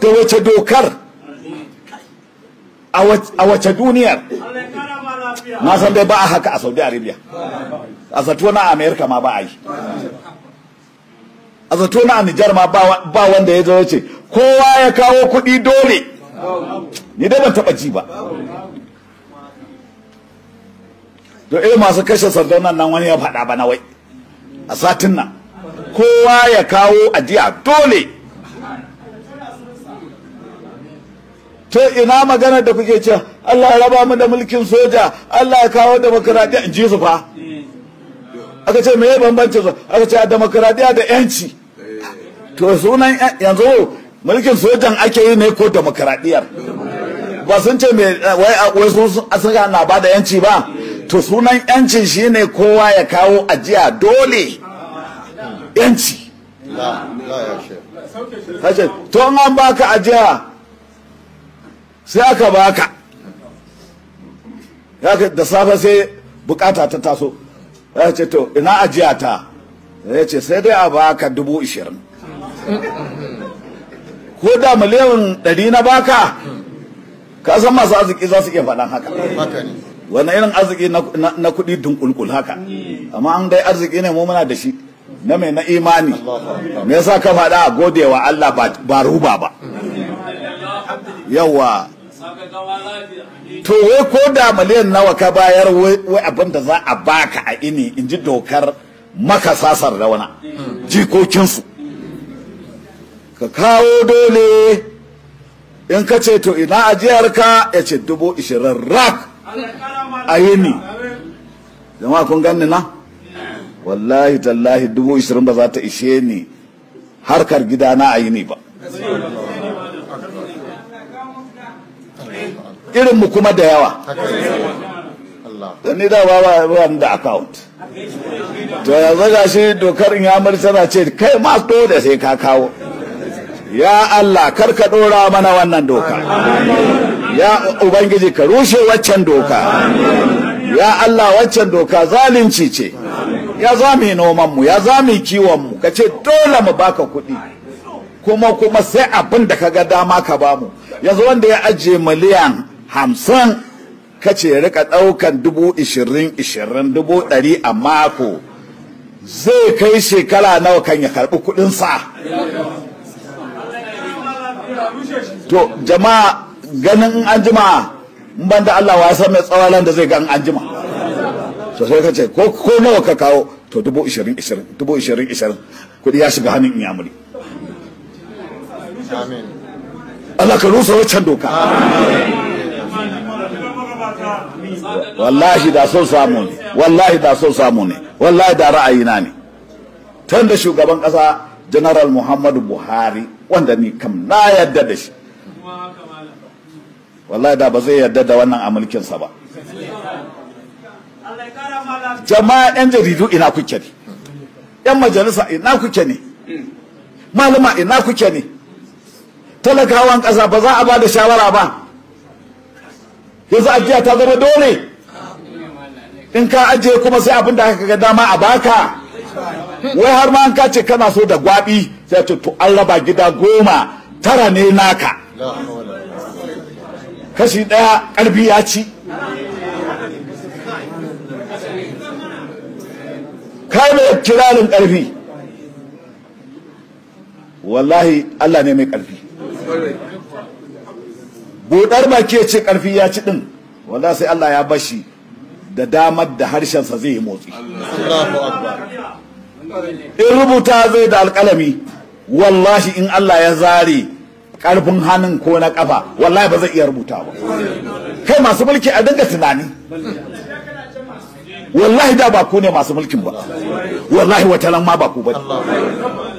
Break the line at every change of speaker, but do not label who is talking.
da wace dokar a wace duniyar na san dai ba a haka a saudi arabia a zato na america ma ba a yi a zato na nijar ma ba wanda ya zo ce kowa ya kawo kuɗi dole ni dai ban taɓa ji ba to irin masu kashe sardaunan nan wani ya faɗa ba na wai a satin nan kowa ya kawo ajiya dole to ina magana da kuke ce Allah raba mu da mulkin soja Allah ya kawo demokradiya in ji su fa aka ce meye bambancin su aka ce demokradiya da yanci to sunan yanzu mulkin sojan ake yi ne ko demokradiyar ba sun ce me wai wai sun sun na ba da yanci ba to sunan yancin shine kowa ya kawo ajiya dole yanci to an baka ajiya sai aka baka da safe sai bukata ta taso ya ce to ina ajiya ta ya ce sai dai a baka dubu ishirin ko da miliyan ɗari na baka ka san masu arziki za su iya faɗan haka wani irin arziki na kuɗi dunkulkul haka amma an dai arziki ne mu muna da shi na mai na imani me yasa ka faɗa a godewa Allah ba ruba ba yawa to wai ko da miliyan nawa ka bayar wai abin da za a baka a ini in ji dokar makasa sardauna jikokinsu ka kawo dole in ka ce to ina ajiyarka ya ce dubu ishirin rak a yini jama'a kun ganni na wallahi tallahi dubu ishirin ba za ta ishe ni harkar gida na a yini ba Irin mu kuma da yawa ni da ba wanda account to ya zaga shi dokar in inyamur tana ce kai ma da sai ka kawo ya Allah kar ka dora mana wannan doka ya ubangiji ka rushe waccan doka ya Allah waccan doka zalunci ce ya zami noman mu ya zami kiwon mu kace dole mu baka kuɗi kuma kuma sai abin da ga dama ka bamu yanzu wanda ya ajiye miliyan hamsin kace rika ɗaukan dubu ishirin ishirin dubu ɗari a mako zai kai shekara nawa kan ya karɓi kudinsa to jama'a ganin an jima ban da Allah wasa mai tsawalan da zai ga an jima to sai ka ce ko ko nawa ka kawo to dubu ishirin ishirin dubu ishirin ishirin kuɗi ya shiga hannun inyamuri Allah ka rusa wacce doka wallahi da son samu ne wallahi da son samu ne wallahi da ra'ayina ne tun da shugaban kasa general muhammadu buhari wanda ni kam na yadda da shi wallahi da ba zai yadda da wannan a mulkinsa ba jama'a yan jaridu ina kuke ne yan majalisa ina kuke ne malama ina kuke ne talakawan kasa ba za a ba da shawara ba yanzu ajiya ta zama dole in ka ajiye kuma sai abin da aka ga dama a baka wai har ma an ka ce kana so da gwabi sai ce to an raba gida goma tara ne naka kashi daya karfi ya ci kai mai kiranin karfi wallahi Allah ne mai karfi budar baki ya ce karfi ya ci din wanda sai Allah ya bashi da damar da harshen sa zai yi motsi in rubuta zai da alkalami wallahi in Allah ya zare karfin hannun ko na kafa wallahi ba zai iya rubuta ba kai masu mulki a dinga tunani wallahi da ba ku ne masu mulkin ba wallahi wata ma ba ku ba